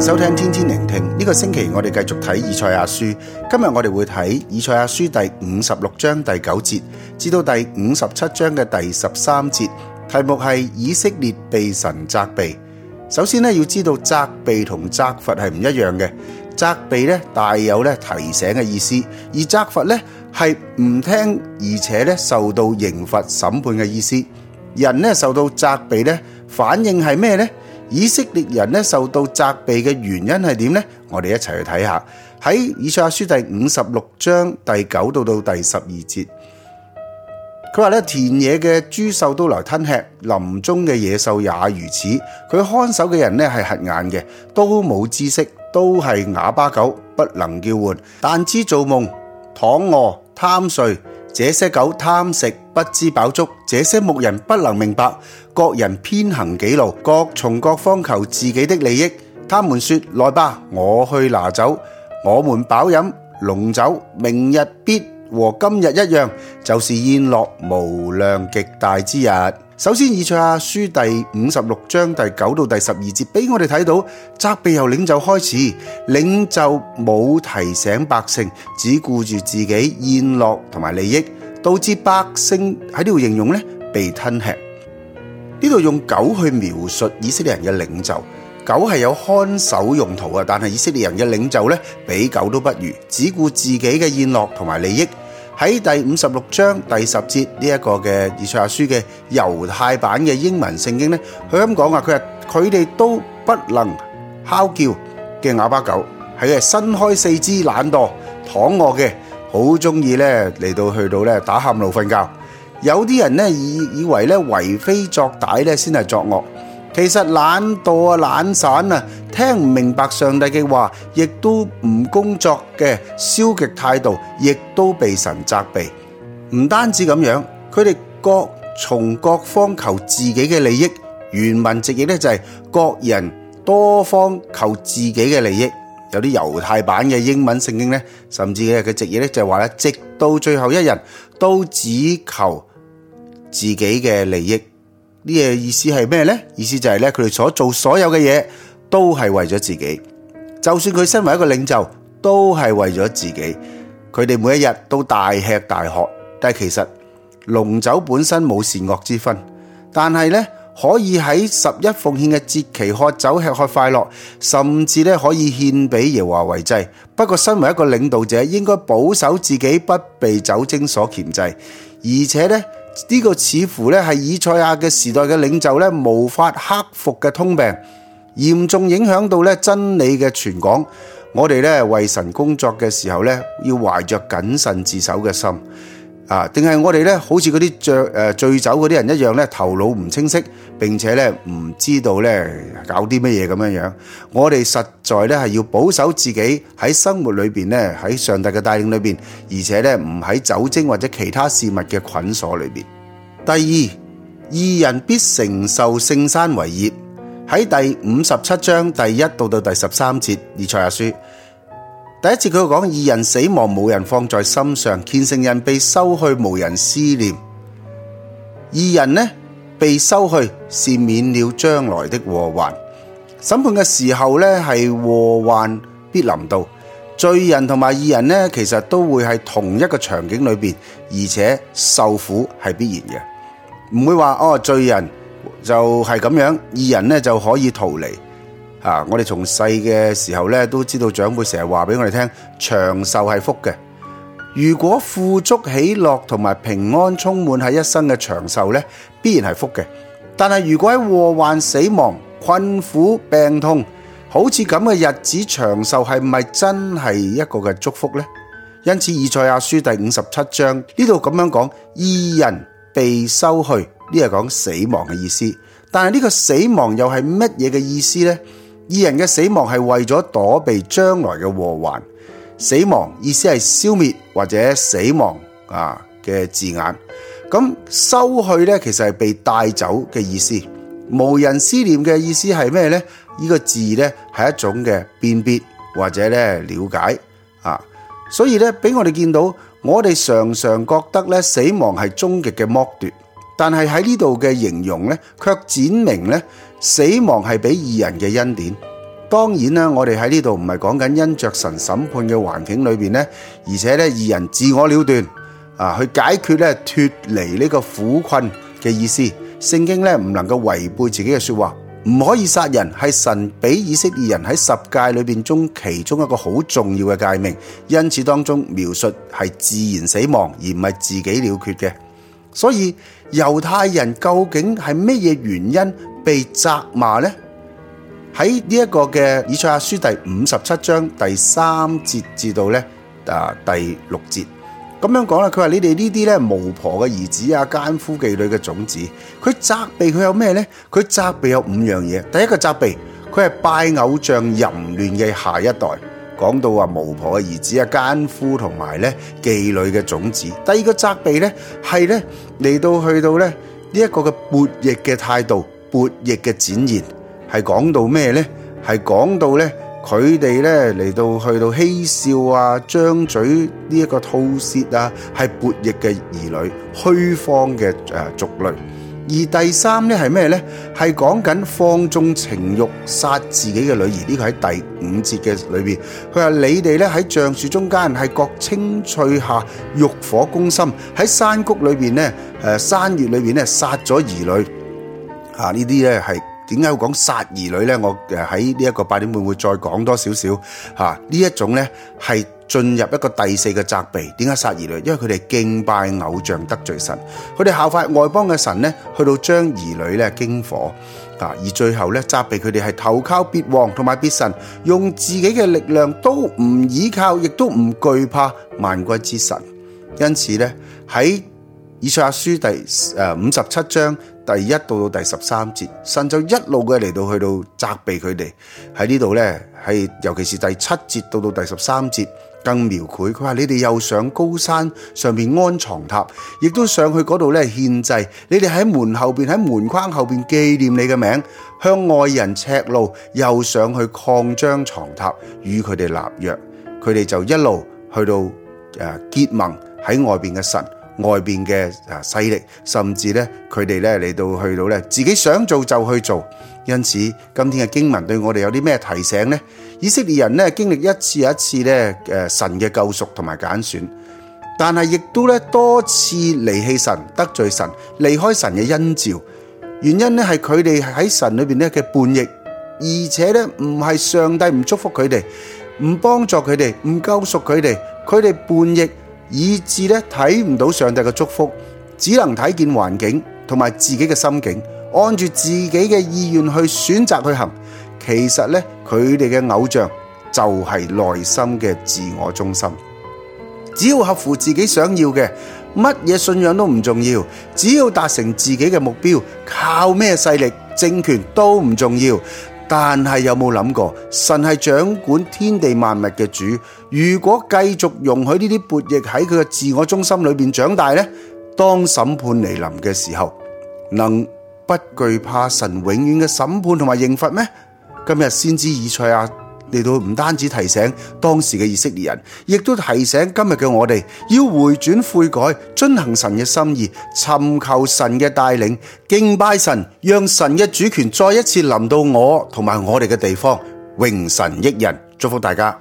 收聽天天聆聽，呢個星期我哋繼續睇以賽亞書，今日我哋會睇以賽亞書第五十六章第九節至到第五十七章嘅第十三節，題目係以色列被神責備。首先咧要知道責備同責罰係唔一樣嘅，責備咧帶有咧提醒嘅意思，而責罰咧係唔聽而且咧受到刑罰審判嘅意思。人咧受到責備咧，反應係咩咧？以色列人咧受到責備嘅原因係點呢？我哋一齊去睇下，喺以賽亞書第五十六章第九到到第十二節，佢話咧，田野嘅諸獸都來吞吃，林中嘅野獸也如此。佢看守嘅人咧係瞎眼嘅，都冇知識，都係啞巴狗，不能叫喚，但知做夢，躺臥貪睡。這些狗貪食，不知飽足，這些牧人不能明白，各人偏行己路，各從各方求自己的利益。他們說：來吧，我去拿酒，我們飽飲濃酒，明日必和今日一樣，就是宴樂無量極大之日。首先，以賽亞書第五十六章第九到第十二節，俾我哋睇到責備由領袖開始，領袖冇提醒百姓，只顧住自己宴樂同埋利益，導致百姓喺呢度形容咧被吞吃。呢度用狗去描述以色列人嘅領袖。狗係有看守用途啊，但係以色列人嘅領袖呢，比狗都不如，只顧自己嘅宴樂同埋利益。喺第五十六章第十節呢一個嘅以賽亞書嘅猶太版嘅英文聖經呢，佢咁講啊，佢話佢哋都不能吠叫嘅啞巴狗，係伸開四肢懶惰躺卧嘅，好中意呢，嚟到去到呢打喊路瞓覺。有啲人呢，以以為咧為非作歹呢，先係作惡。其實懶惰啊、懶散啊，聽唔明白上帝嘅話，亦都唔工作嘅消極態度，亦都被神責備。唔單止咁樣，佢哋各從各方求自己嘅利益。原文直譯咧就係各人多方求自己嘅利益。有啲猶太版嘅英文聖經呢，甚至佢嘅直譯咧就係話咧，直到最後一人都只求自己嘅利益。呢嘢意思係咩咧？意思就係咧，佢哋所做所有嘅嘢都係為咗自己，就算佢身為一個領袖，都係為咗自己。佢哋每一日都大吃大喝，但係其實濃酒本身冇善惡之分，但係咧可以喺什一奉獻嘅節期喝酒吃喝快樂，甚至咧可以獻俾耶和華為祭。不過身為一個領導者，應該保守自己不被酒精所挾制，而且咧。呢個似乎咧係以賽亞嘅時代嘅領袖咧，無法克服嘅通病，嚴重影響到咧真理嘅傳講。我哋咧為神工作嘅時候咧，要懷着謹慎自守嘅心。啊！定係我哋咧，好似嗰啲醉醉酒嗰啲人一樣咧，頭腦唔清晰，並且咧唔知道咧搞啲乜嘢咁樣樣。我哋實在咧係要保守自己喺生活裏面，咧，喺上帝嘅帶領裏面，而且咧唔喺酒精或者其他事物嘅捆鎖裏面。第二，義人必承受聖山為業，喺第五十七章第一到到第十三節，以賽亞書。第一次佢講義人死亡冇人放在心上，虔誠人被收去冇人思念。義人呢被收去是免了將來的禍患。審判嘅時候呢係禍患必臨到，罪人同埋義人呢其實都會喺同一個場景裏邊，而且受苦係必然嘅，唔會話哦罪人就係咁樣，義人呢就可以逃離。啊！我哋從細嘅時候咧，都知道長輩成日話俾我哋聽，長壽係福嘅。如果富足、喜樂同埋平安充滿喺一生嘅長壽咧，必然係福嘅。但係如果喺禍患、死亡、困苦、病痛，好似咁嘅日子，長壽係咪真係一個嘅祝福呢？因此，以賽亞書第五十七章呢度咁樣講，義人被收去，呢係講死亡嘅意思。但係呢個死亡又係乜嘢嘅意思呢？義人嘅死亡係為咗躲避將來嘅禍患。死亡意思係消滅或者死亡啊嘅字眼。咁收去呢，其實係被帶走嘅意思。無人思念嘅意思係咩呢？呢個字呢，係一種嘅辨別或者咧了解啊。所以咧俾我哋見到，我哋常常覺得咧死亡係終極嘅剝奪，但係喺呢度嘅形容呢，卻闡明呢。死亡係俾義人嘅恩典，當然啦，我哋喺呢度唔係講緊因着神審判嘅環境裏邊咧，而且咧義人自我了斷啊，去解決咧脱離呢個苦困嘅意思。聖經咧唔能夠違背自己嘅說話，唔可以殺人係神俾以色列人喺十誡裏邊中其中一個好重要嘅誡命，因此當中描述係自然死亡而唔係自己了決嘅，所以猶太人究竟係咩嘢原因？被責罵咧，喺呢一個嘅以賽亞書第五十七章第三節至到咧啊第六節咁樣講啦。佢話你哋呢啲咧巫婆嘅兒子啊，姦夫妓女嘅種子，佢責備佢有咩咧？佢責備有五樣嘢。第一個責備，佢係拜偶像淫亂嘅下一代。講到話巫婆嘅兒子啊，姦夫同埋咧妓女嘅種子。第二個責備咧係咧嚟到去到咧呢一個嘅叛逆嘅態度。悖逆嘅展現係講到咩咧？係講到咧佢哋咧嚟到去到戲笑啊，張嘴呢一個吐舌啊，係悖逆嘅兒女虛謊嘅誒族類。而第三咧係咩咧？係講緊放縱情慾殺自己嘅女兒，呢個喺第五節嘅裏邊，佢話你哋咧喺橡樹中間係各青翠下欲火攻心，喺山谷裏邊咧誒山穴裏邊咧殺咗兒女。啊！呢啲咧係點解要講殺兒女咧？我誒喺呢一個八點唔會再講多少少嚇呢一種咧係進入一個第四個責備。點解殺兒女？因為佢哋敬拜偶像得罪神，佢哋效法外邦嘅神咧，去到將兒女咧經火啊！而最後咧責備佢哋係投靠別王同埋別神，用自己嘅力量都唔倚靠，亦都唔懼怕萬軍之神。因此咧喺以賽亞書第誒五十七章。第一到到第十三節，神就一路嘅，嚟到去到責備佢哋喺呢度呢，係尤其是第七節到到第十三節更描繪，佢話你哋又上高山上邊安床榻，亦都上去嗰度呢獻祭，你哋喺門後邊喺門框後邊紀念你嘅名，向外人赤路又上去擴張床榻，與佢哋立約，佢哋就一路去到誒結盟喺外邊嘅神。外邊嘅啊勢力，甚至咧佢哋咧嚟到去到咧自己想做就去做，因此今天嘅經文對我哋有啲咩提醒呢？以色列人咧經歷一次又一次咧誒神嘅救贖同埋揀選，但係亦都咧多次離棄神、得罪神、離開神嘅恩召，原因咧係佢哋喺神裏邊咧嘅叛逆，而且咧唔係上帝唔祝福佢哋，唔幫助佢哋，唔救贖佢哋，佢哋叛逆。以致咧睇唔到上帝嘅祝福，只能睇見環境同埋自己嘅心境，按住自己嘅意願去選擇去行。其實咧，佢哋嘅偶像就係內心嘅自我中心。只要合乎自己想要嘅，乜嘢信仰都唔重要。只要達成自己嘅目標，靠咩勢力，政權都唔重要。但係有冇諗過，神係掌管天地萬物嘅主，如果繼續容許呢啲悖逆喺佢嘅自我中心裏邊長大呢，當審判嚟臨嘅時候，能不懼怕神永遠嘅審判同埋刑罰咩？今日先知以賽亞、啊。嚟到唔單止提醒當時嘅以色列人，亦都提醒今日嘅我哋，要回轉悔改，遵行神嘅心意，尋求神嘅帶領，敬拜神，讓神嘅主權再一次臨到我同埋我哋嘅地方，榮神益人，祝福大家。